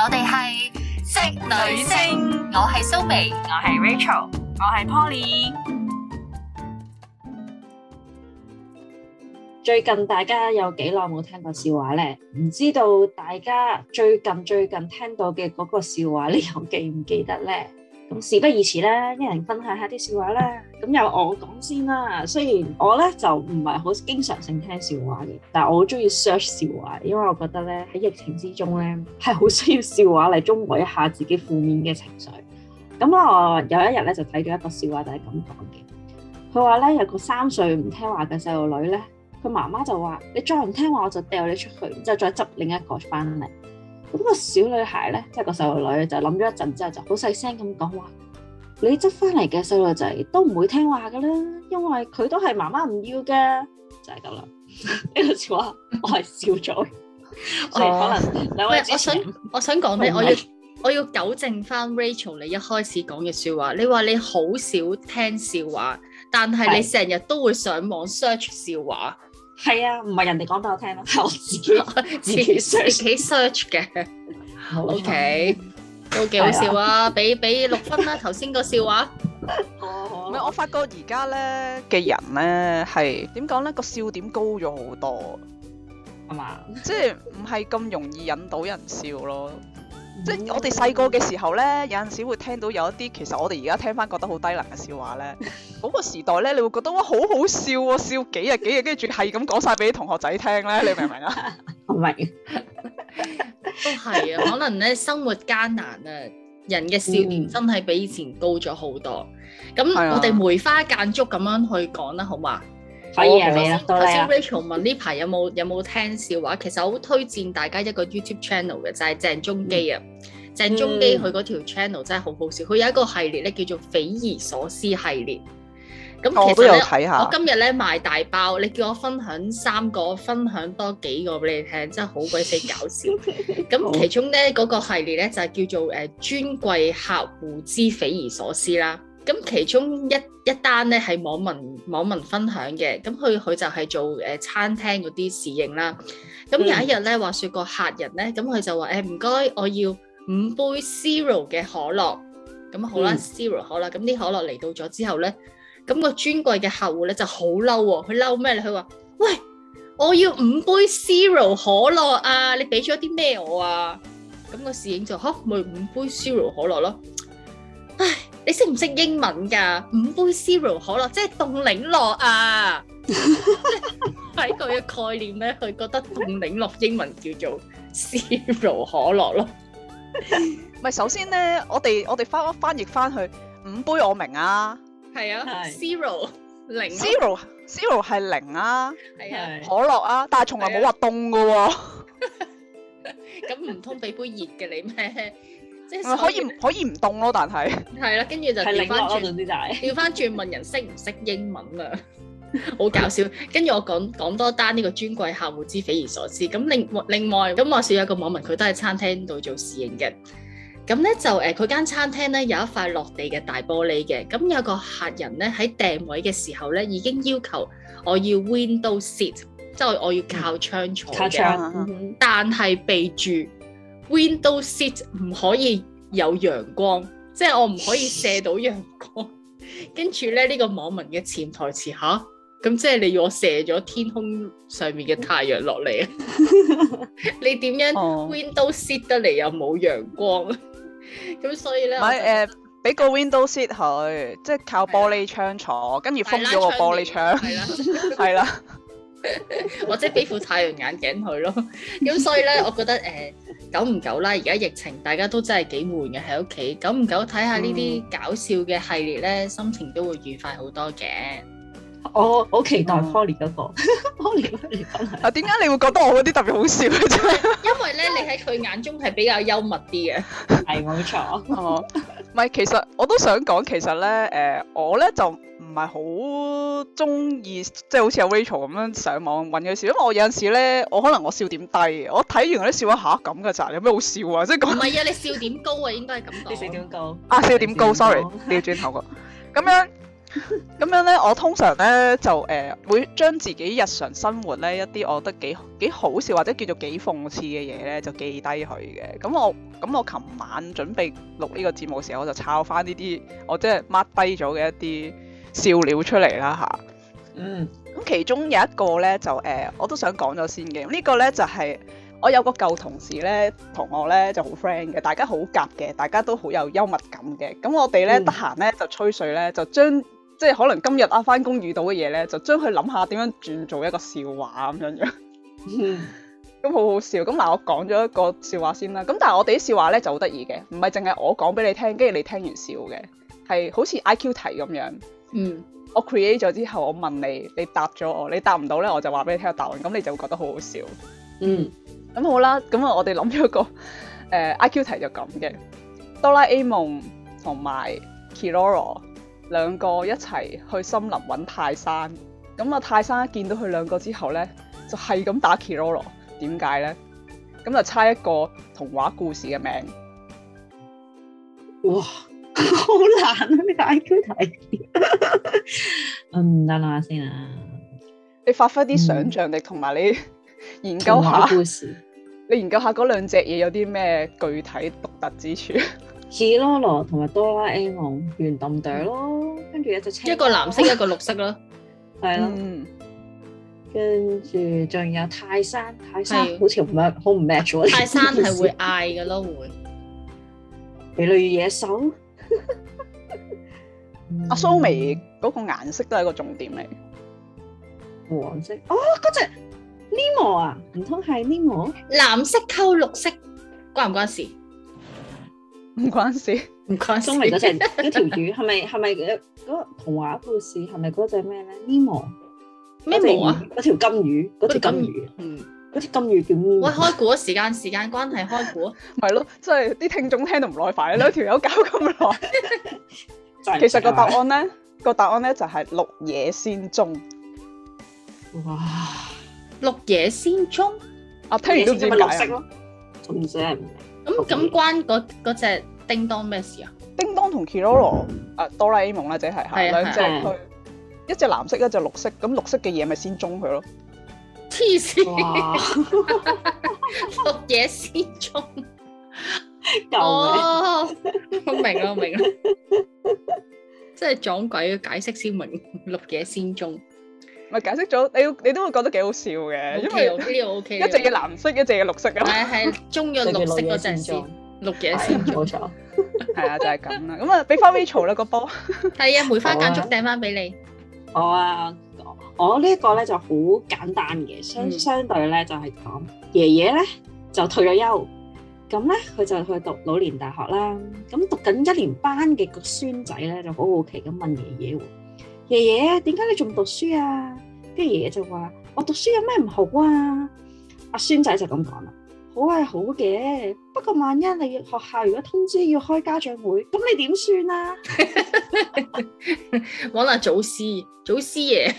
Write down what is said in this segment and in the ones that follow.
我哋係職女聲，女聲我係蘇眉，我係 Rachel，我係 Poly。最近大家有幾耐冇聽過笑話咧？唔知道大家最近最近聽到嘅嗰個笑話咧，有記唔記得呢？咁事不宜遲咧，一人分享下啲笑話啦。咁由我講先啦。雖然我咧就唔係好經常性聽笑話嘅，但係我好中意 search 笑話，因為我覺得咧喺疫情之中咧係好需要笑話嚟中和一下自己負面嘅情緒。咁啊，有一日咧就睇咗一個笑話就係咁講嘅。佢話咧有個三歲唔聽話嘅細路女咧，佢媽媽就話：你再唔聽話，我就掉你出去，然之後再執另一個翻嚟。咁個小女孩咧，即係個細路女，就諗、是、咗一陣之後，就好細聲咁講話：你執翻嚟嘅細路仔都唔會聽話噶啦，因為佢都係媽媽唔要嘅，就係咁啦。呢、這個笑話我係笑咗，我、啊、 以可能兩、啊、我想我想講咩？嗯、我要是我要糾正翻 Rachel 你一開始講嘅笑話，你話你好少聽笑話，但係你成日都會上網 search 笑話。係啊，唔係人哋講俾我聽咯，係我自己 自己 search 嘅。OK，都幾好笑啊！俾俾六分啦，啊，頭先個笑話。唔係，我發覺而家咧嘅人咧係點講咧？個笑點高咗好多，係嘛？即係唔係咁容易引到人笑咯。即係我哋細個嘅時候咧，有陣時會聽到有一啲，其實我哋而家聽翻覺得好低能嘅笑話咧。嗰 個時代咧，你會覺得哇好好笑喎、哦，笑幾日幾日，跟住係咁講晒俾啲同學仔聽咧，你明唔明啊？明， 都係啊，可能咧生活艱難啊， 人嘅少年真係比以前高咗好多。咁我哋梅花間竹咁樣去講啦，好嘛？頭先 Rachel 問呢排有冇有冇聽笑話，其實好推薦大家一個 YouTube channel 嘅，就係鄭中基啊。鄭中基佢嗰條 channel 真係好好笑，佢有一個系列咧叫做匪夷所思系列。咁其實我都有睇下。我今日咧賣大包，你叫我分享三個，分享多幾個俾你聽，真係好鬼死搞笑。咁其中咧嗰個系列咧就係叫做誒尊貴客戶之匪夷所思啦。咁其中一一單咧係網民網民分享嘅，咁佢佢就係做誒、呃、餐廳嗰啲侍應啦。咁有一日咧話説個客人咧，咁佢就話誒唔該，我要五杯 zero 嘅可樂。咁好啦 zero 可啦。咁啲、嗯、可樂嚟到咗之後咧，咁、那個尊貴嘅客戶咧就好嬲喎。佢嬲咩咧？佢話：喂，我要五杯 zero 可樂啊！你俾咗啲咩我啊？咁、那個侍應就嚇，咪、就是、五杯 zero 可樂咯。唉。你識唔識英文噶？五杯 zero 可樂即係凍檸樂啊！喺佢嘅概念咧，佢覺得凍檸樂英文叫做 zero 可樂咯。唔係首先咧，我哋我哋翻翻譯翻去五杯我明啊，係啊，zero 零，zero zero 係零啊，可樂啊，但係從來冇話凍噶，咁唔通俾杯熱嘅你咩？即係嗯、可以可以唔凍咯，但係係啦，跟住 就調翻轉，調翻轉問人識唔識英文啊， 好搞笑。跟住 我講講多單呢個專櫃客戶之匪夷所思。咁另另外咁我試有一個網民，佢都喺餐廳度做侍應嘅。咁咧就誒，佢、呃、間餐廳咧有一塊落地嘅大玻璃嘅。咁有個客人咧喺訂位嘅時候咧，已經要求我要 window seat，即係 我要靠窗坐嘅。 但係備住。Window seat 唔可以有陽光，即係我唔可以射到陽光。跟住咧，呢、這個網民嘅潛台詞吓，咁、啊、即係你要我射咗天空上面嘅太陽落嚟啊！你點樣 Window seat 得嚟又冇陽光？咁所以咧，唔係誒，俾、啊、個 Window seat 佢，即、就、係、是、靠玻璃窗坐，跟住封咗個玻璃窗，係啦，係啦，或者俾副太陽眼鏡佢咯。 咁所以咧，我覺得誒。久唔久啦，而家疫情大家都真係幾悶嘅喺屋企，久唔久睇下呢啲搞笑嘅系列咧，嗯、心情都會愉快好多嘅。我好期待 Poly 嗰、那個 Poly 嚟分享。啊，點解你會覺得我嗰啲特別好笑呢？因為咧， 你喺佢眼中係比較幽默啲嘅。係 冇錯。 哦，唔係，其實我都想講，其實咧，誒、呃，我咧就。唔係好中意即係好似阿 Rachel 咁樣上網揾佢笑，因為我有陣時咧，我可能我笑點低，我睇完嗰啲笑一下咁嘅咋，啊、你有咩好笑啊？即係唔係啊？你笑點高啊， 應該係咁講。笑點高啊，笑點高，點高，sorry，掉轉頭角。咁 樣咁樣咧，我通常咧就誒、呃、會將自己日常生活咧一啲，我覺得幾幾好笑或者叫做幾諷刺嘅嘢咧，就記低佢嘅。咁我咁我琴晚準備錄呢個節目嘅時候，我就抄翻呢啲，我即係 mark 低咗嘅一啲。笑料出嚟啦，吓、啊，嗯咁，其中有一個咧就誒、呃，我都想講咗先嘅。這個、呢個咧就係、是、我有個舊同事咧，同我咧就好 friend 嘅，大家好夾嘅，大家都好有幽默感嘅。咁我哋咧得閒咧就吹水咧，就將即係可能今日啊返工遇到嘅嘢咧，就將佢諗下點樣轉做一個笑話咁樣樣咁好好笑。咁嗱，我講咗一個笑話先啦。咁但係我哋啲笑話咧就好得意嘅，唔係淨係我講俾你聽，跟住你聽完笑嘅，係好似 IQ 題咁樣。嗯，我 create 咗之後，我問你，你答咗我，你答唔到咧，我就話俾你聽答案，咁你就會覺得好好笑。嗯，咁好啦，咁啊，我哋諗咗個誒 I Q 題就咁嘅，哆啦 A 夢同埋 Keroro 兩個一齊去森林搵泰山，咁啊泰山一見到佢兩個之後咧，就係咁打 Keroro，點解咧？咁就猜一個童話故事嘅名，哇！好難啊！呢個 I Q 題，嗯，等下諗下先啊。你發揮啲想象力，同埋你研究下故事。你研究下嗰兩隻嘢有啲咩具體獨特之處？Keroro 同埋哆啦 A 夢，圓墩朵咯，跟住有隻青，一個藍色，一個綠色咯，係咯，嗯，跟住仲有泰山，泰山好似唔係，好唔 match 喎。泰山係會嗌㗎咯，會，越嚟越野獸。阿蘇眉嗰個顏色都係一個重點嚟，黃色哦，嗰隻 Nemo 啊，唔通係 Nemo？藍色溝綠色，關唔關事？唔關事，唔關。蘇眉嗰隻嗰條魚係咪係咪嗰個童話故事？係咪嗰隻咩咧？Nemo？咩毛啊？嗰條金魚，嗰條金魚，嗯，嗰條金魚叫尼。喂，開估時間時間關係開估，係咯，即係啲聽眾聽到唔耐煩，兩條友搞咁耐。其實個答案咧，個答案咧就係綠野仙蹤。哇！綠野仙蹤，啊哇、啊、聽完都唔知點解釋囉。綠色咁咁關嗰嗰隻叮當咩事啊？那那叮當同 Keroro，啊，哆啦 A 夢啦，即係係兩隻佢，一隻藍色，一隻綠色，咁綠色嘅嘢，咪先中佢咯。黐線！綠野仙蹤。哦，我明啦，我明啦，即係撞鬼嘅解釋先明，綠野仙蹤。咪解釋咗，你你都會覺得幾好笑嘅，因為呢個 O K，一隻嘅藍色，一隻嘅綠色啊，係係中嘅綠色嗰陣時，綠野仙蹤咗，係啊，就係咁啦。咁啊，俾翻 Rachel 啦個波，係啊，梅花間竹掟翻俾你。我啊，我呢個咧就好簡單嘅，相相對咧就係講爺爺咧就退咗休。咁咧，佢就去讀老年大學啦。咁讀緊一年班嘅個孫仔咧，就好好奇咁問爺爺：爺爺點解你仲讀書啊？跟住爺爺就話：我讀書有咩唔好啊？阿孫仔就咁講啦：好係，好嘅，不過萬一你學校如果通知要開家長會，咁你點算啊？揾下 祖師，祖師爺，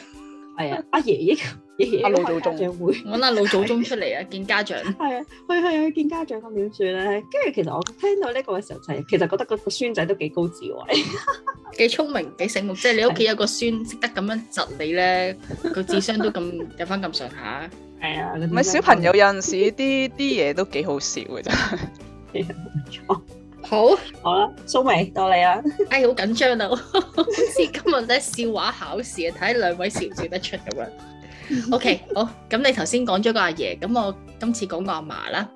係啊，阿爺爺。阿老祖宗，我諗阿老祖宗出嚟啊，見家長。係啊，去去去見家長咁點算咧？跟住其實我聽到呢個嘅時候，就係其實覺得個孫仔都幾高智慧，幾聰明，幾醒目。即係你屋企有個孫識得咁樣窒你咧，個智商都咁入翻，咁上下。係啊，唔係小朋友有陣時啲啲嘢都幾好笑嘅啫。冇錯，好，好啦，蘇明到你啦。哎，好緊張啊！好似今日咧笑話考試啊，睇兩位笑唔笑得出咁樣。O Okay , K， 好，咁你頭先講咗個阿爺，咁我今次講個阿嫲啦。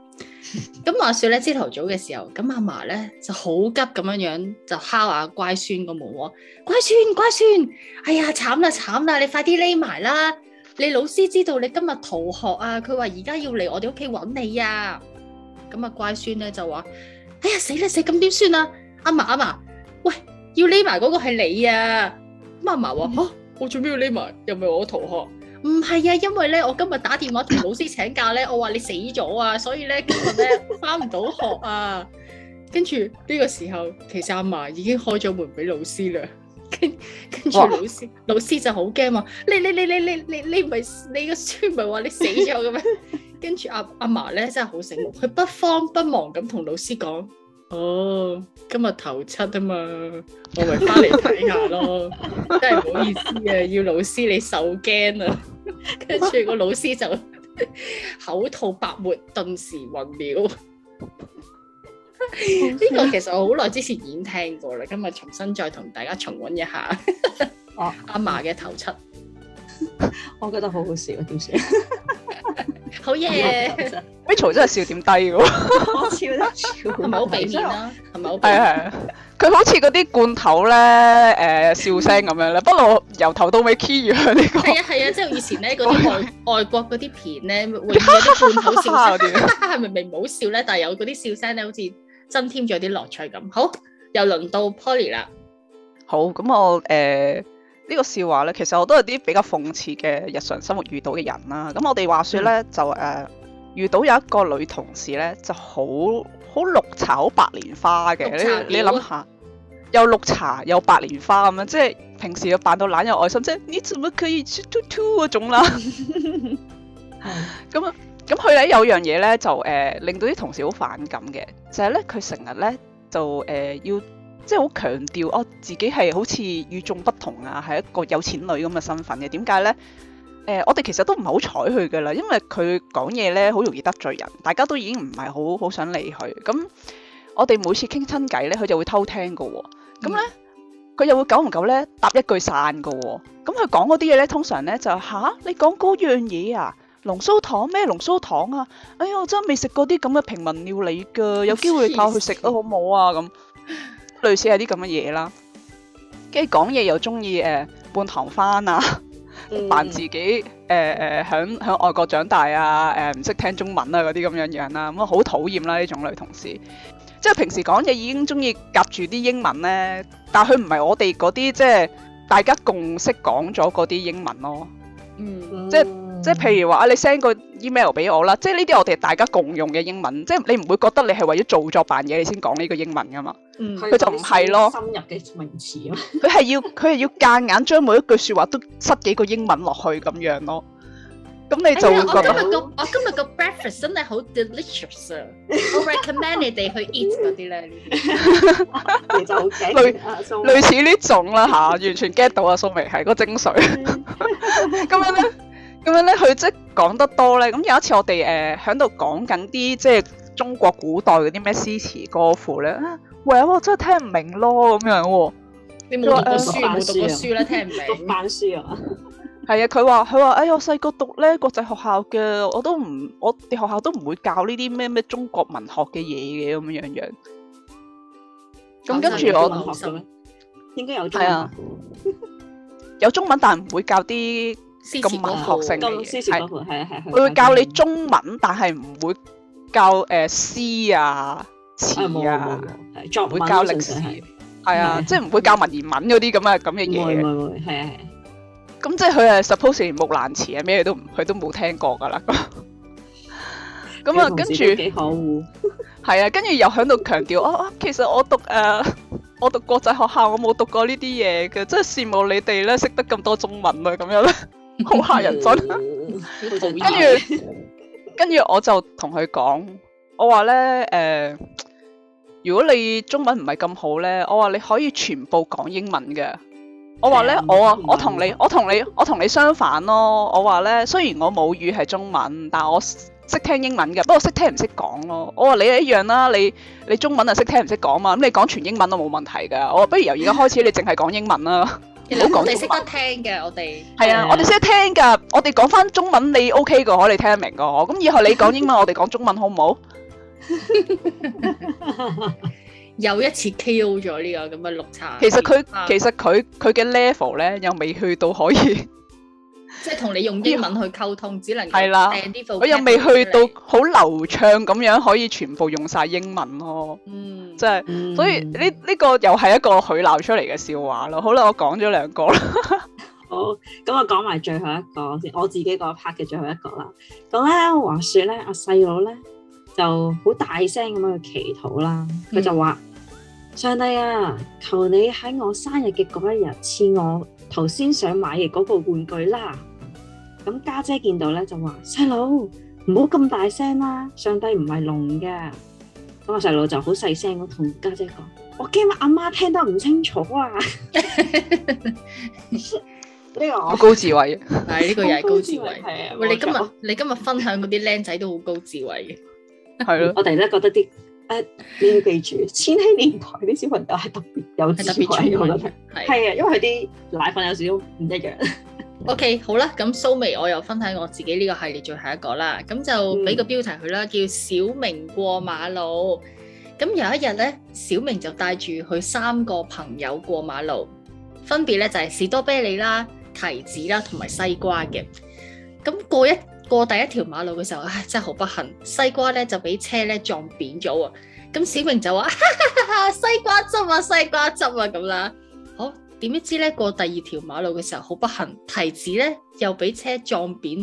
咁話說咧，朝頭早嘅時候，咁阿嫲咧就好急咁樣樣就敲下乖孫個門喎。乖孫，乖孫，哎呀，慘啦慘啦，你快啲匿埋啦！你老師知道你今日逃學啊？佢話而家要嚟我哋屋企揾你啊！咁、嗯、啊，乖孫咧就話：，哎呀，死啦死，咁點算啊？阿嫲阿嫲，喂，要匿埋嗰個係你啊！咁阿嫲話：，吓、嗯，我做咩要匿埋？又唔係我逃學。唔係啊，因為咧，我今日打電話同老師請假咧，我話你死咗啊，所以咧今日咧翻唔到學啊。跟住呢個時候，其實阿嫲已經開咗門俾老師啦。跟跟住老師，老師就好驚啊！你你你你你你你唔係你個孫唔係話你死咗嘅咩？跟住阿阿嫲咧真係好醒目，佢不慌不忙咁同老師講：，哦，今日頭七啊嘛，我咪翻嚟睇下咯。真係唔好意思啊，要老師你受驚啊！跟住 個老師就口吐白沫，頓時暈了。呢 個其實我好耐之前已經聽過啦，今日重新再同大家重温一下、 oh. 阿嫲嘅頭七。我覺得好好笑， 好耶啊，點算？好嘢。Rachel 真係笑點低喎，係咪好俾面啦？係咪好？係啊係啊，佢好似嗰啲罐頭咧，誒、呃，笑聲咁樣咧。不過由頭到尾 key 樣呢個係啊係啊，即係以前咧嗰啲外 外國嗰啲片咧，用咗啲罐頭笑聲，係咪 明明唔好笑咧？但係有嗰啲笑聲咧，好似增添咗啲樂趣咁。好，又輪到 Polly 啦。好，咁 我誒。呃呢個笑話咧，其實我都係啲比較諷刺嘅日常生活遇到嘅人啦。咁我哋話説咧，嗯、就誒、uh, 遇到有一個女同事咧，就好好綠茶好白蓮花嘅。你你諗下，又綠茶又白蓮花咁樣，即係平時又扮到懶又愛心， 即係呢種乜可以 two two 嗰種啦。咁啊， 咁佢咧有樣嘢咧，就誒、uh, 令到啲同事好反感嘅，就係咧佢成日咧就誒、呃、要。要要要即係好強調我、啊、自己係好似與眾不同啊，係一個有錢女咁嘅身份嘅。點解呢？呃、我哋其實都唔係好睬佢嘅啦，因為佢講嘢咧好容易得罪人，大家都已經唔係好好想理佢。咁我哋每次傾親偈咧，佢就會偷聽嘅喎、哦。咁呢，佢、嗯、又會久唔久咧答一句散嘅喎、哦。咁佢講嗰啲嘢咧，通常咧就吓、啊，你講嗰樣嘢啊，龍鬚糖咩龍鬚糖啊？哎呦，我真係未食過啲咁嘅平民料理嘅，有機會教佢食啊，好冇啊咁。類似係啲咁嘅嘢啦，跟住講嘢又中意誒半唐番啊，扮、嗯、自己誒誒響響外國長大啊，誒唔識聽中文啊嗰啲咁樣樣啦、啊，咁啊好討厭啦呢種類同事，即、就、係、是、平時講嘢已經中意夾住啲英文咧，但係佢唔係我哋嗰啲即係大家共識講咗嗰啲英文咯，嗯，即係。即係譬如話啊，你 send 個 email 俾我啦，即係呢啲我哋大家共用嘅英文，即係你唔會覺得你係為咗做作扮嘢你先講呢個英文噶嘛？嗯，佢就唔係咯。深入嘅名詞咯。佢係要，佢係要夾硬將每一句説話都塞幾個英文落去咁樣咯。咁你就會覺得我今日個 breakfast 真係好 delicious 啊！我 recommend 你哋去 eat 嗰啲咧。類似呢種啦嚇，完全 get 到啊，蘇眉係個精髓。咁樣咧。咁樣咧，佢即係講得多咧。咁有一次，我哋誒喺度講緊啲即係中國古代嗰啲咩詩詞歌賦咧。啊，喂，我真係聽唔明咯咁樣喎。你冇讀過書，冇讀過書咧，聽唔明。讀返書啊？係啊，佢話佢話，哎呀，細個讀咧國際學校嘅，我都唔，我哋學校都唔會教呢啲咩咩中國文學嘅嘢嘅咁樣樣。咁跟住我讀中文嘅咩？應該有係啊，有中文，但係唔會教啲。咁文學性嘅，係佢會教你中文，但係唔會教誒詩啊詞啊。唔會教歷史。係啊，即係唔會教文言文嗰啲咁啊咁嘅嘢嘅。唔會唔會，係啊。咁即係佢係 suppose 木蘭詞啊咩都唔佢都冇聽過噶啦。咁啊，跟住幾可惡係啊，跟住又喺度強調我我其實我讀誒我讀國際學校，我冇讀過呢啲嘢嘅，真係羨慕你哋咧，識得咁多中文啊，咁樣咧。好吓人真，跟住跟住我就同佢講，我話咧誒，如果你中文唔係咁好咧，我話你可以全部講英文嘅。我話咧，嗯、我我同你，我同你，我同你相反咯。我話咧，雖然我母語係中文，但係我識聽英文嘅，不過識聽唔識講咯。我話你係一樣啦，你你中文啊識聽唔識講嘛，咁你講全英文都冇問題噶。我不如由而家開始，你淨係講英文啦。 我哋識得聽嘅，我哋係啊，我哋識得聽㗎。我哋講翻中文，你 OK 㗎，可以聽得明㗎。我咁以後你講英文，我哋講中文，好唔好？又一次 KO 咗呢個咁嘅綠茶。其實佢其實佢佢嘅 level 咧，又未去到可以。即係同你用英文去溝通，嗯、只能訂啲房。我又未去到好流暢咁樣，可以全部用晒英文咯。嗯，真係、即係。嗯、所以呢呢、呢個又係一個許鬧出嚟嘅笑話咯。好啦，我講咗兩個啦 。好，咁我講埋最後一個先，我自己個拍嘅最後一個啦。咁咧，滑雪咧，阿細佬咧就好大聲咁樣去祈禱啦。佢就話：嗯、上帝啊，求你喺我生日嘅嗰一日賜我頭先想買嘅嗰部玩具啦，咁家姐，姐見到咧就話：細佬唔好咁大聲啦、啊，上帝唔係聾嘅。咁個細佬就好細聲咁同家姐講：我驚阿媽聽得唔清楚啊。呢、 呢個好高智慧， 但係呢個又係高智慧。係啊，喂，你今日天 你今日分享嗰啲僆仔都好高智慧嘅，係咯 了，我哋都覺得啲。誒，你要記住，千禧年代啲小朋友係特別有智慧，我覺得係。係啊，因為佢啲奶粉有少少唔一樣。OK，好啦，咁蘇眉我又分享我自己呢個系列最後一個啦，咁就俾個標題佢啦，叫小明過馬路。咁有一日咧，小明就帶住佢三個朋友過馬路，分別咧就係士多啤梨啦、提子啦同埋西瓜嘅。咁過一過第一條馬路嘅時候，唉，真係好不幸，西瓜呢，就俾車呢撞扁咗啊！咁小明就話：西瓜汁啊，西瓜汁啊咁啦。好，哦，點知呢過第二條馬路嘅時候，好不幸，提子呢，又俾車撞扁。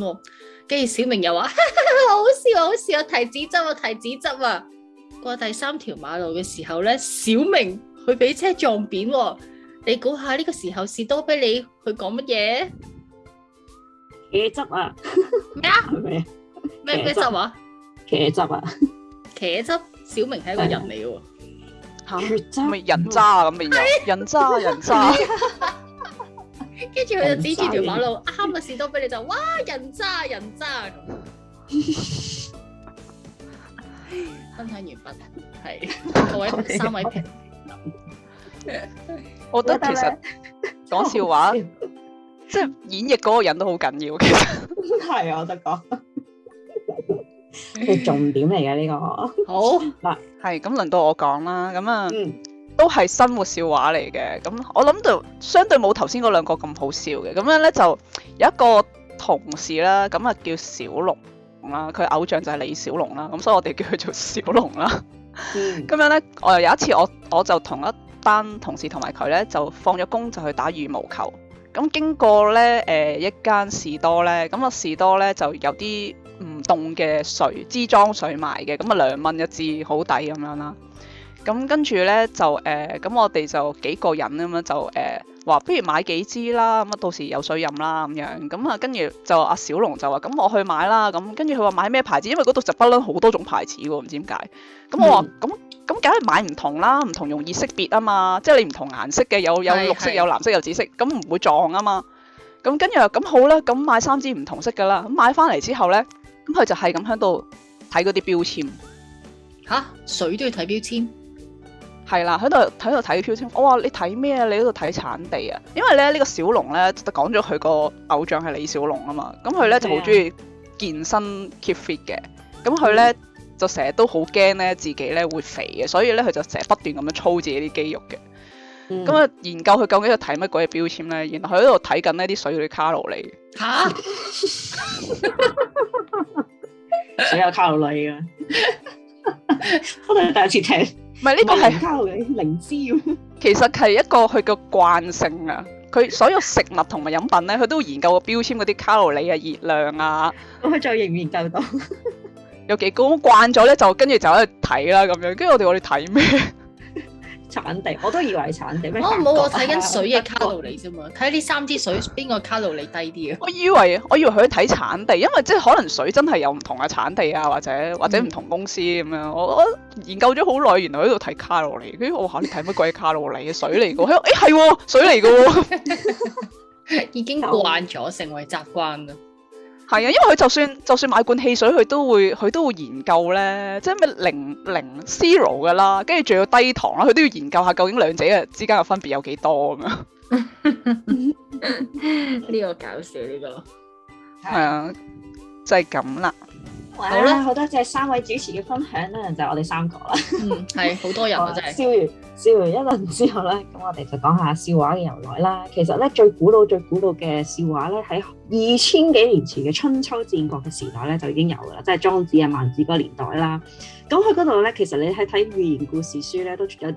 跟住小明又話：好笑，好笑，提子汁啊，提子汁啊！過第三條馬路嘅時候呢，小明佢俾車撞扁。你估下呢個時候士多啤梨佢講乜嘢？茄汁啊咩啊咩咩咩汁啊茄汁啊，茄汁，小明係一個人嚟嘅？吓咩人渣啊，咁嘅嘢，人渣人渣，跟住佢就指住條馬路，啱個士多俾你就哇人渣人渣咁。分享完畢，係各位三位評，我覺得其實講笑話。即係演繹嗰個人都好緊要其實，係啊， 我得講，係 重點嚟嘅，呢個。 好，嗱，係咁輪到我講啦。咁啊，嗯、都係生活笑話嚟嘅。咁我諗到相對冇頭先嗰兩個咁好笑嘅。咁樣咧就有一個同事啦，咁啊叫小龍啦，佢偶像就係李小龍啦，咁所以我哋叫佢做小龍啦。咁樣咧，我又有一次我我就同一班同事同埋佢咧，就放咗工就去打羽毛球。咁經過呢誒、呃、一間士多呢，咁啊士多呢就有啲唔凍嘅水，支裝水賣嘅，咁啊兩蚊一支，好抵咁樣啦。咁跟住呢，就誒，咁、呃、我哋就幾個人咁樣就誒。呃話不如買幾支啦，咁啊到時有水飲啦咁樣，咁啊跟住就阿小龍就話咁我去買啦，咁跟住佢話買咩牌子，因為嗰度就不嬲好多種牌子喎，唔知點解。咁我話咁咁梗係買唔同啦，唔同容易識別啊嘛，即係你唔同顏色嘅，有有綠色、有藍色、有紫色，咁唔會撞啊嘛。咁跟住話咁好啦，咁買三支唔同色嘅啦。咁買翻嚟之後咧，咁佢就係咁喺度睇嗰啲標籤。吓，水都要睇標籤？係啦，喺度喺度睇標籤。我話你睇咩啊？你喺度睇產地啊？因為咧呢、這個小龍咧講咗佢個偶像係李小龍啊嘛。咁佢咧就好中意健身 keep fit 嘅。咁佢咧就成日都好驚咧自己咧會肥嘅，所以咧佢就成日不斷咁樣操自己啲肌肉嘅。咁啊、嗯、研究佢究竟喺度睇乜鬼嘅標籤咧？然後佢喺度睇緊呢啲水嘅卡路里。吓？水有卡路里啊！ 我哋第一次聽。唔係，呢個係卡路里靈芝。其實係一個佢嘅慣性啊，佢所有食物同埋飲品咧，佢都研究個標籤嗰啲卡路里啊、熱量啊。咁佢再研唔研究到？ 有幾高？慣咗咧，就跟住就喺度睇啦咁樣。跟住我哋我哋睇咩？ 產地，我都以為係產地咩？哦？我冇，我睇緊水嘅卡路里啫嘛，睇呢、哎、三支水邊個卡路里低啲啊？我以為，我以為佢睇產地，因為即係可能水真係有唔同嘅產地啊，或者或者唔同公司咁樣。我、嗯、我研究咗好耐，原來喺度睇卡路里。佢、哎、跟住我話你睇乜鬼卡路里？ 水嚟㗎。係、哎、啊、喎，水嚟㗎喎。 已經慣咗，成為習慣啦。係啊， 因為佢就算就算買罐汽水，佢都會佢都會研究咧，即係咩零零 zero 噶啦，跟住仲要低糖啦，佢都要研究下究竟兩者嘅之間嘅分別有幾多咁樣。呢個搞笑呢個，係 啊，就係咁啦。 好啦吧，好多謝三位主持嘅分享啦，就係我哋三個啦。嗯，係好多人啊，， 好笑完笑完一輪之後咧，咁我哋就講下笑話嘅由來啦。其實咧，最古老最古老嘅笑話咧，喺二千幾年前嘅春秋戰國嘅時代咧，就已經有噶啦，即係莊子啊、孟子嗰年代啦。咁喺嗰度咧，其實你喺睇寓言故事書咧，都有啲誒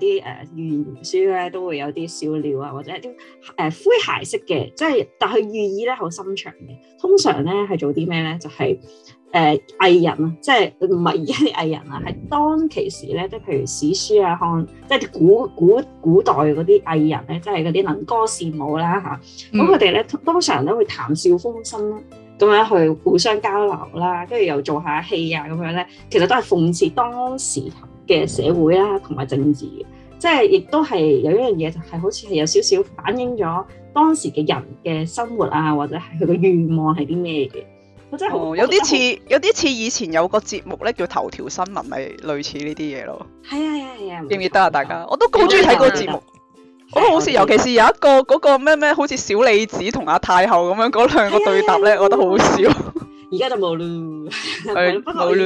寓言書咧，都會有啲笑料啊，或者一啲誒、呃、詼諧式嘅，即係但係寓意咧好深長嘅。通常咧係做啲咩咧？就係、是就是嗯 誒、呃、藝人啊，即係唔係而家啲藝人啊，係當其時咧，即係譬如史書啊，看即係古古古代嗰啲藝人咧，即係嗰啲能歌善舞啦嚇，咁佢哋咧通常都會談笑風生咁樣去互相交流啦，跟住又做下戲啊咁樣咧，其實都係諷刺當時嘅社會啦、啊，同埋政治，即係亦都係有一樣嘢，就係、是、好似係有少少反映咗當時嘅人嘅生活啊，或者係佢嘅願望係啲咩嘅。Oh，有啲似，人家有啲似以前有個節目咧，叫《頭條新聞》，咪、就是、類似呢啲嘢咯。係啊係啊係啊！記唔記得啊？大家，我都好中意睇嗰個節目。Yeah, hello 我都好似尤其是有一個嗰、那個咩咩，好似小李子同阿太后咁樣嗰兩個對答咧，yeah, yeah, yeah, yeah, yeah. 我覺得好笑。 而家就冇咯，係、 嗯，不過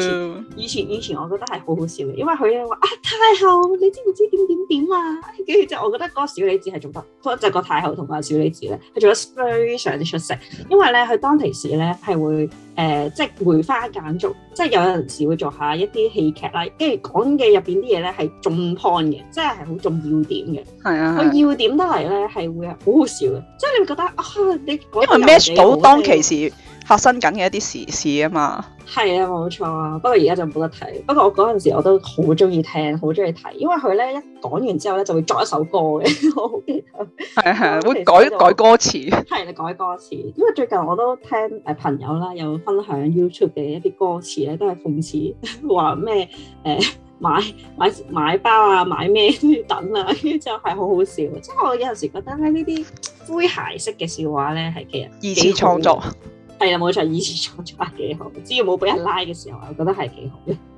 以前以前了以前，以前以前我覺得係好好笑嘅，因為佢咧話啊太后，你知唔知點點點啊？跟住就我覺得嗰個小李子係做得，就係、個太后同個小李子咧，係做得非常之出色。因為咧，佢當其時咧係會誒、呃，即係梅花間竹，即係有陣時會做下一啲戲劇啦，跟住講嘅入邊啲嘢咧係重 point 嘅，即係係好重要點嘅。係啊，佢要點得嚟咧係會好好笑嘅，即係你會覺得啊，你因為 match 到當其時，當時。發生緊嘅一啲時事啊嘛，係啊冇錯啊，不過而家就冇得睇。不過我嗰陣時我都好中意聽，好中意睇，因為佢咧一講完之後咧就會作一首歌嘅，我好中意。係係、啊、其會改說改歌詞，係啦、啊、改歌詞。 因為最近我都聽誒朋友啦，有分享 YouTube 嘅一啲歌詞咧，都係諷刺話咩誒買買買包啊，買咩等啊，跟住之後係好好笑。即、就、係、是、我有陣時覺得咧呢啲詼諧式嘅笑話咧係其實二次創作。係啦，冇錯，以前做做係幾好，只要冇俾人拉嘅時候，我覺得係幾好嘅。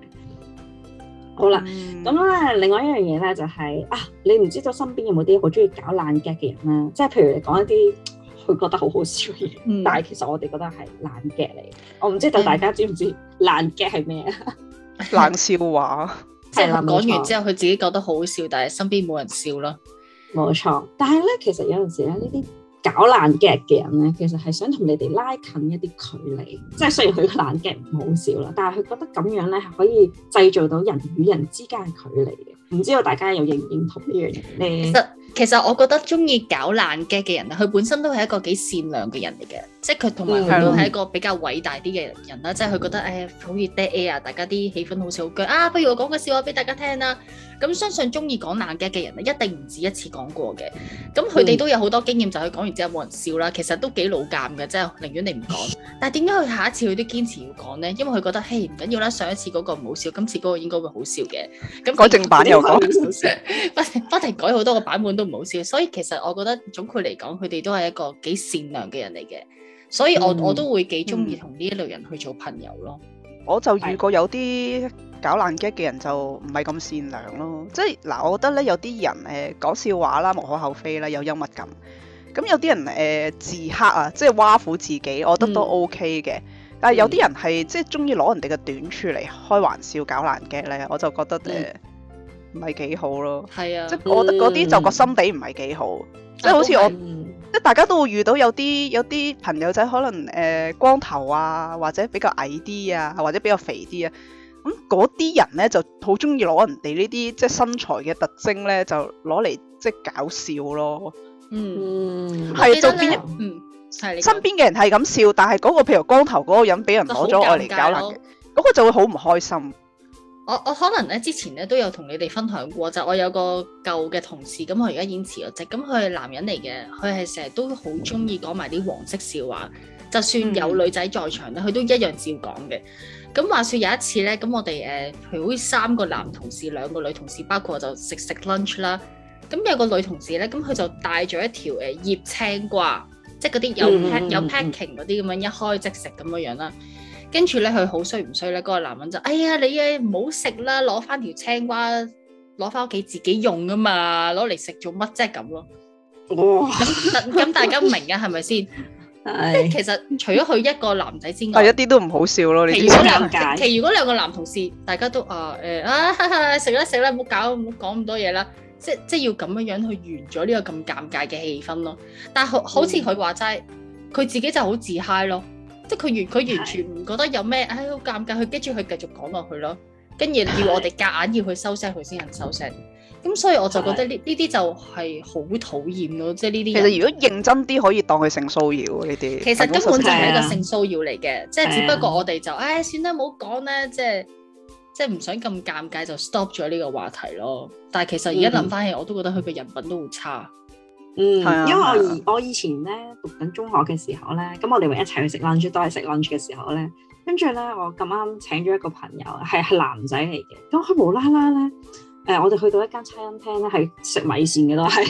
好啦了，咁咧、嗯、另外一樣嘢咧就係、是、啊，你唔知道身邊有冇啲好中意搞爛 gag 嘅人咧？即係譬如你講一啲佢覺得好好笑嘅，嘢、嗯，但係其實我哋覺得係爛 gag 嚟。我唔知道大家知唔知爛 gag 係咩啊？冷笑話，係啦，講完之後，佢自己覺得好好笑，但係身邊冇人笑咯。冇錯，但係咧，其實有陣時咧呢啲。搞爛 gag 嘅人咧，其實係想同你哋拉近一啲距離，即係雖然佢個爛 gag 唔好笑啦，但係佢覺得咁樣咧係可以製造到人與人之間嘅距離嘅。唔知道大家又認唔認同呢樣嘢咧？其實其實我覺得中意搞爛 gag 嘅人啊，佢本身都係一個幾善良嘅人嚟嘅。即係佢同埋佢都係一個比較偉大啲嘅人啦，即係佢覺得誒，好似 dead air 啊，大家啲氣氛好似好僵啊，不如我講個笑話俾大家聽啦。咁相信中意講爛 gag 嘅人咧，一定唔止一次講過嘅。咁佢哋都有好多經驗，就係佢講完之後冇人笑啦。其實都幾老尷嘅，即係寧願你唔講。但係點解佢下一次佢都堅持要講呢？因為佢覺得嘿唔緊要啦，上一次嗰個唔好笑，今次嗰個應該會好笑嘅。咁改正版又講，不停改好多個版本都唔好笑，所以其實我覺得總括嚟講，佢哋都係一個幾善良嘅人嚟嘅。所以我我都會幾中意同呢一類人去做朋友咯。 我就遇過有啲搞爛 gag 嘅人就唔係咁善良咯。即係嗱，我覺得咧有啲人誒、呃、講笑話啦，無可厚非啦，有幽默感。咁有啲人誒、呃、自黑啊，即係挖苦自己，我覺得都 O K 嘅。但係有啲人係、嗯、即係中意攞人哋嘅短處嚟開玩笑搞爛 gag 咧，我就覺得誒唔係幾好咯。係啊，即係我覺得嗰啲就個心地唔係幾好，嗯、即係好似我。即大家都會遇到有啲有啲朋友仔可能誒、呃、光頭啊，或者比較矮啲啊，或者比較肥啲啊，咁嗰啲人咧就好中意攞人哋呢啲即係身材嘅特徵咧，就攞嚟即係搞笑咯。嗯，係、嗯、就變身邊嘅人係咁笑，但係嗰、嗰個譬如光頭嗰個人俾人攞咗我嚟搞爛，嗰、哦、個就會好唔開心。我我可能咧之前咧都有同你哋分享過，就我有個舊嘅同事，咁我而家已經辭咗職，咁佢係男人嚟嘅，佢係成日都好中意講埋啲黃色笑話，就算有女仔在場咧，佢都一樣照講嘅。咁話說有一次咧，咁我哋誒，譬如好似三個男同事，兩個女同事，包括就食食 lunch 啦。咁有個女同事咧，咁佢就帶咗一條誒醃青瓜，即係嗰啲有 pack 有 packing 嗰啲咁樣一開即食咁樣樣啦。跟住咧，佢好衰唔衰咧？嗰個男人就：哎呀，你嘢唔好食啦，攞翻條青瓜攞翻屋企自己用㗎嘛，攞嚟食做乜啫咁咯。哇！咁咁大家明嘅係咪先？即係其實除咗佢一個男仔之外，係一啲都唔好笑咯。其實兩其實如果兩個男同事大家都啊誒啊食啦食啦，唔好搞唔好講咁多嘢啦，即即要咁樣樣去完咗呢個咁尷尬嘅氣氛咯。但係好似佢話齋，佢自己就好自 high 咯。即佢完佢完全唔覺得有咩，唉，好尷尬。佢跟住佢繼續講落去咯，跟住要我哋夾硬要去收聲，佢先肯收聲。咁所以我就覺得呢呢啲就係好討厭咯，即係呢啲。其實如果認真啲，可以當佢性騷擾呢啲。其實根本就係一個性騷擾嚟嘅，即係只不過我哋就唉，算啦唔好講啦，即係即係唔想咁尷尬就 stop 咗呢個話題咯。但係其實而家諗翻起，我都覺得佢個人品都好差。嗯，啊、因為我以、啊、我以前咧讀緊中學嘅時候咧，咁我哋咪一齊去食 lunch，都係食 lunch 嘅時候咧，跟住咧我咁啱請咗一個朋友，係係男仔嚟嘅，咁佢無啦啦咧，誒、呃、我哋去到一間餐廳咧，係食米線嘅都係，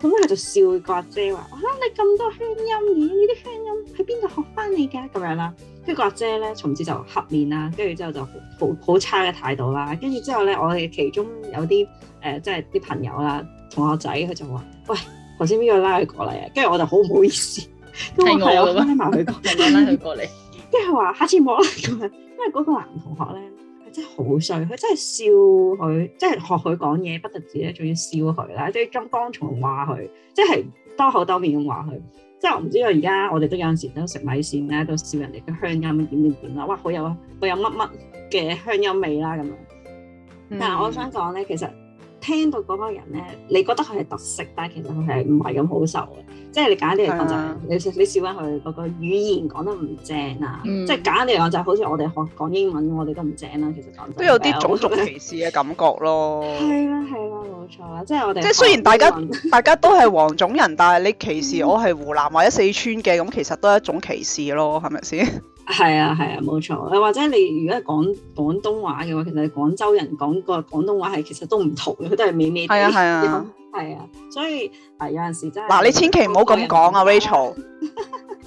咁 咧就笑個阿姐話：哇、oh, 欸！你咁多鄉音嘅，呢啲鄉音喺邊度學翻嚟㗎？咁樣啦，跟住個阿姐咧，從此就黑面啦，跟住之後就好好差嘅態度啦，跟住之後咧，我哋其中有啲誒、呃，即係啲朋友啦，同學仔，佢就話：喂！頭先邊個拉佢過嚟啊？跟住我就好唔好意思，都係 我拉埋佢過嚟，拉佢過嚟。跟住佢話下次唔好啦咁樣，因為嗰個男同學咧，佢真係好衰，佢真係笑佢、即係即係，即係學佢講嘢不特止咧，仲要笑佢啦，仲要裝裝從話佢，即係多口斗面咁話佢。即係我唔知道而家我哋都有陣時都食米線咧，都笑人哋嘅香音點點點啦，哇！好有好有乜乜嘅香音味啦咁樣。嗯、但係我想講咧，其實。聽到嗰個人咧，你覺得佢係特色，但係其實佢係唔係咁好受嘅。即係你簡單啲嚟講就係、的你你笑翻佢嗰個語言講得唔正啊。嗯、即係簡單啲嚟講就係、好似我哋學講英文，我哋都唔正啦、啊。其實都有啲種族歧視嘅感覺咯。係啦， 係啦，冇錯啦。即係我哋即係雖然大家 大家都係黃種人，但係你歧視我係湖南或者四川嘅咁， 其實都係一種歧視咯。係咪先？係啊，係啊，冇錯。或者你如果係講廣東話嘅話，其實廣州人講個廣東話係其實都唔同嘅，佢都係美美哋。係啊，係啊。係啊，所以啊，有陣時真係嗱，你千祈唔好咁講啊，Rachel。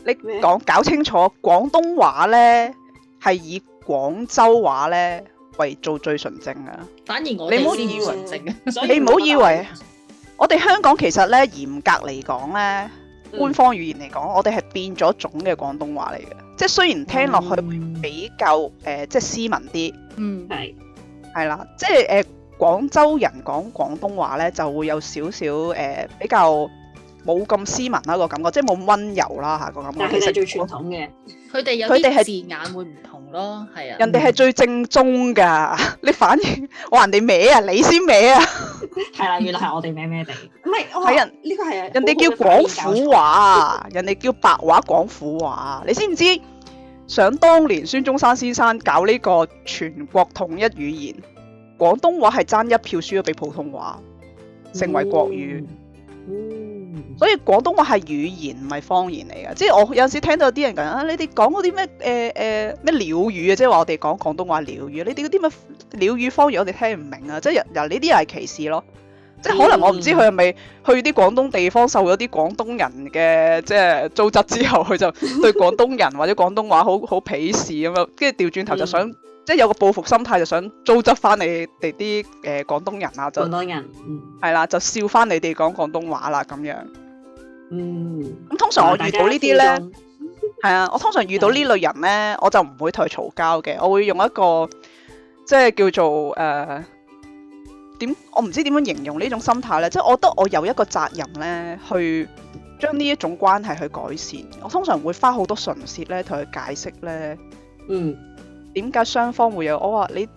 你講搞清楚廣東話咧，係以廣州話咧為做最純正啊。反而我哋先最純正啊！以你唔好以為 我哋香港其實咧嚴格嚟講咧，官方語言嚟講，嗯、我哋係變咗種嘅廣東話嚟嘅。即係雖然聽落去會比較誒、嗯呃，即斯文啲，嗯係係啦，即係誒廣州人講廣東話咧，就會有少少誒比較。冇咁斯文啦，個感覺，即係冇溫柔啦嚇個感覺。但係佢哋其實最傳統嘅，佢哋有啲字眼會唔同咯，係啊。人哋係最正宗㗎，你反應我人哋歪啊，你先歪啊。係啦，原來係我哋歪歪地。唔係，係人呢個係人哋叫廣府話，人哋叫白話廣府話，你知唔知？想當年孫中山先生搞呢個全國統一語言，廣東話係爭一票輸咗俾普通話，成為國語。所以廣東話係語言唔係方言嚟㗎，即係我有時聽到有啲人講啊，你哋講嗰啲咩誒誒咩鳥語啊，即係話我哋講廣東話鳥語，你哋嗰啲咩鳥語方言我哋聽唔明啊，即係嗱呢啲又係歧視咯，即係可能我唔知佢係咪去啲廣東地方受咗啲廣東人嘅即係糟質之後，佢就對廣東人或者廣東話 好好鄙視咁樣，跟住調轉頭就想。嗯。即係有個報復心態，就想糟質翻你哋啲誒廣東人啊，就廣東人，係啦、嗯，就笑翻你哋講廣東話啦，咁樣。嗯。咁通常我遇到呢啲咧，係啊、嗯，我通常遇到呢類人咧，我就唔會同佢嘈交嘅，我會用一個即係叫做誒點、呃，我唔知點樣形容呢種心態咧。即係我覺得我有一個責任咧，去將呢一種關係去改善。我通常會花好多唇舌咧，同佢解釋咧，嗯。點解雙方會有？我話你，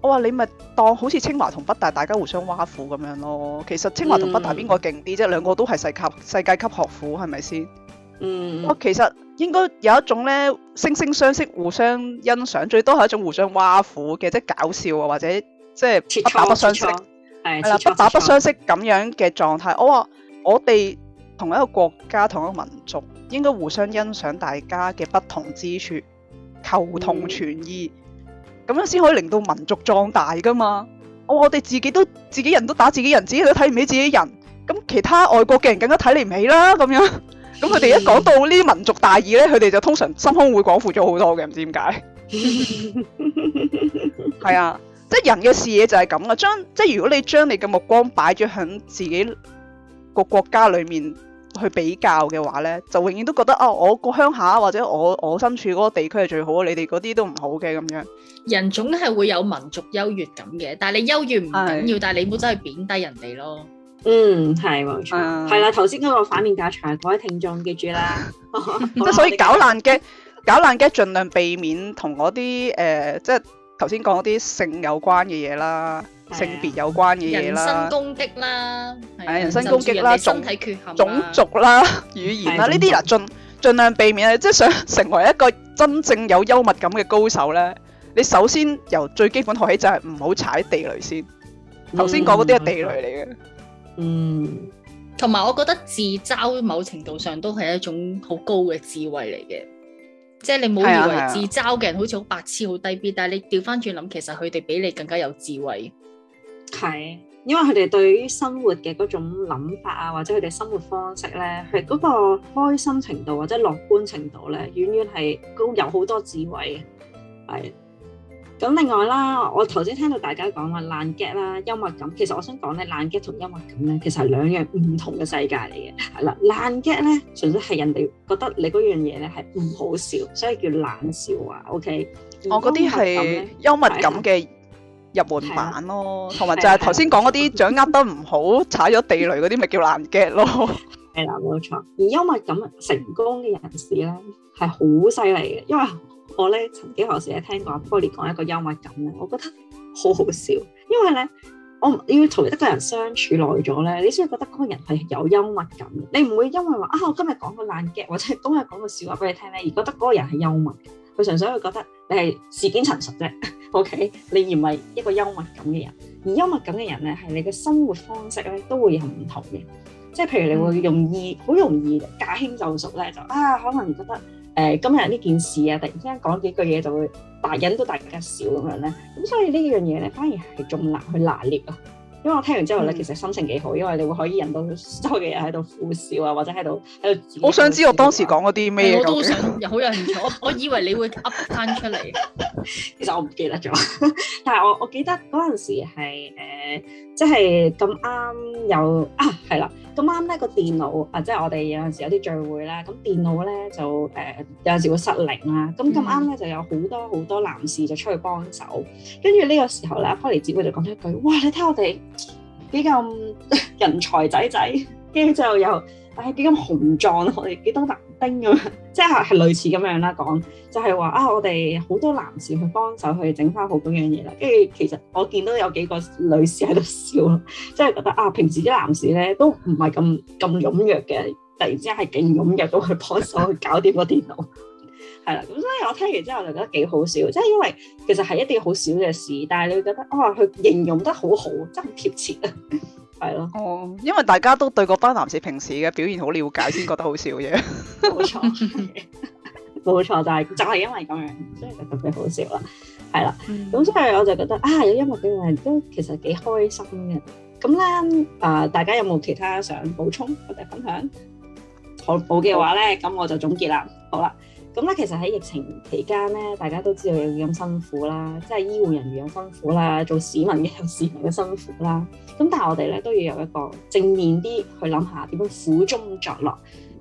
我話你咪當好似清華同北大大家互相挖苦咁樣咯。其實清華同北大邊個勁啲啫？嗯、兩個都係世界世界級學府，係咪先？嗯。我其實應該有一種咧惺惺相惜、互相欣賞，最多係一種互相挖苦嘅，即係搞笑啊，或者即係不打不相識。係啦，不打不相識咁樣嘅狀態。我話我哋同一個國家、同一個民族，應該互相欣賞大家嘅不同之處。求同存異，咁樣先可以令到民族壯大噶嘛？哦、我哋自己都自己人都打自己人，自己都睇唔起自己人，咁其他外國嘅人更加睇你唔起啦。咁樣，咁佢哋一講到呢啲民族大義呢，佢哋就通常心胸會廣闊咗好多嘅，唔知點解。係 啊，即係人嘅視野就係咁啦。將即係如果你將你嘅目光擺咗喺自己個國家裏面。去比較嘅話咧，就永遠都覺得啊、哦，我個鄉下或者我我身處嗰個地區係最好，你哋嗰啲都唔好嘅，咁樣。人總係會有民族優越感嘅，但係你優越唔緊要，是但係你唔好真係貶低人哋咯。嗯，係冇錯，係、嗯、啦，頭先嗰個反面教材，各位聽眾記住啦。即係 所以搞爛嘅，搞爛嘅，儘量避免同嗰啲誒，即係頭先講嗰啲性有關嘅嘢啦。性別有關嘅嘢啦，人身攻擊啦，係啊，人身攻擊啦，身體缺陷啦，種種族啦，語言啦，呢啲嗱盡盡量避免啊！即係想成為一個真正有幽默感嘅高手咧，你首先由最基本學起就係唔好踩地雷先。頭先講嗰啲都係地雷嚟嘅。嗯，同埋我覺得自嘲某程度上都係一種好高嘅智慧嚟嘅，即係你唔好以為自嘲嘅人好似好白痴好低 B，但係你調翻轉諗，其實佢哋比你更加有智慧。係，因為佢哋對於生活嘅嗰種諗法啊，或者佢哋生活方式咧，係嗰個開心程度或者樂觀程度咧，遠遠係高，有好多智慧嘅。係，咁另外啦，我頭先聽到大家講話，爛 gag 啦，幽默感，其實我想講咧，爛 gag 同幽默感咧，其實係兩樣唔同嘅世界嚟嘅。係啦，爛 gag 咧，純粹係人哋覺得你嗰樣嘢咧係唔好笑，所以叫冷笑啊。OK，我嗰啲係幽默感嘅。入門版咯，同埋就係頭先講嗰啲掌握得唔好，踩咗地雷嗰啲咪叫爛 gag 咯。係啦，冇錯。而幽默感成功嘅人士咧，係好犀利嘅，因為我咧，曾幾何時咧，聽過阿 Poly 講一個幽默感，我覺得好好笑。因為咧，我要同一個人相處耐咗咧，你先會覺得嗰個人係有幽默感，你唔會因為話啊，我今日講個爛 gag 或者係今日講個笑話俾你聽咧，而覺得嗰個人係幽默。佢純粹會覺得你係事件陳述啫，OK？你而唔係一個幽默感嘅人，而幽默感嘅人咧，係你嘅生活方式咧都會係唔同嘅，即係譬如你會容易好容易駕輕就熟咧，就啊可能覺得誒、呃、今日呢件事啊，突然之間講幾句嘢就會大引到大人家笑咁樣咧，咁所以呢樣嘢咧反而係仲難去拿捏咯。因為我聽完之後咧，嗯、其實心情幾好，因為你會可以引到周圍人喺度苦笑啊，或者喺度喺度。啊、我想知道我當時講嗰啲咩嘢我都想，好 有興趣，我以為你會噏翻出嚟。 其實我唔記得咗，但係我我記得嗰陣時係誒，即係咁啱有啊，係啦。咁晚呢、嗰個電腦，啊，即係我哋有陣時有啲聚會啦。咁電腦咧就誒、呃、有陣時會失靈啦。咁咁啱咧就有好多好多男士就出去幫手，跟住呢個時候咧，開嚟姊妹就講咗一句：哇！你睇我哋幾咁人才仔仔，跟住之後又唉幾咁雄壯，我哋幾多男？丁咁，即係係類似咁樣啦講，就係話啊，我哋好多男士去幫手去整翻好咁樣嘢啦。跟住其實我見到有幾個女士喺度笑咯，即係覺得啊，平時啲男士咧都唔係咁咁踴躍嘅，突然之間係勁踴躍到去幫手去搞掂個電腦，係 啦。咁所以我聽完之後就覺得幾好笑，即係因為其實係一啲好少嘅事，但係你會覺得啊，佢形容得好好，真係貼切。 係咯，對哦，因為大家都對個班男士平時嘅表現好了解，先覺得好笑嘅 錯，冇錯，冇錯，但係就係因為咁樣，所以就特別好笑啦。係啦，咁所以我就覺得啊，有音樂嘅人都其實幾開心嘅。咁咧，啊、呃，大家有冇其他想補充或者分享？好，好嘅話咧，咁我就總結啦。好啦。咁咧，其實喺疫情期間咧，大家都知道有咁辛苦啦，即係醫護人員咁辛苦啦，做市民嘅有市民嘅辛苦啦。咁但係我哋咧都要有一個正面啲去諗下點樣苦中作樂，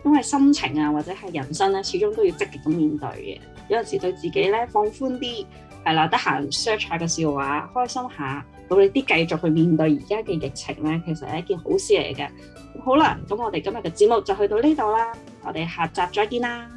因為心情啊或者係人生咧，始終都要積極咁面對嘅。有陣時對自己咧放寬啲係啦，得閒 search 下個笑話，開心下，努力啲繼續去面對而家嘅疫情咧，其實係一件好事嚟嘅。好啦，咁我哋今日嘅節目就去到呢度啦，我哋下集再見啦。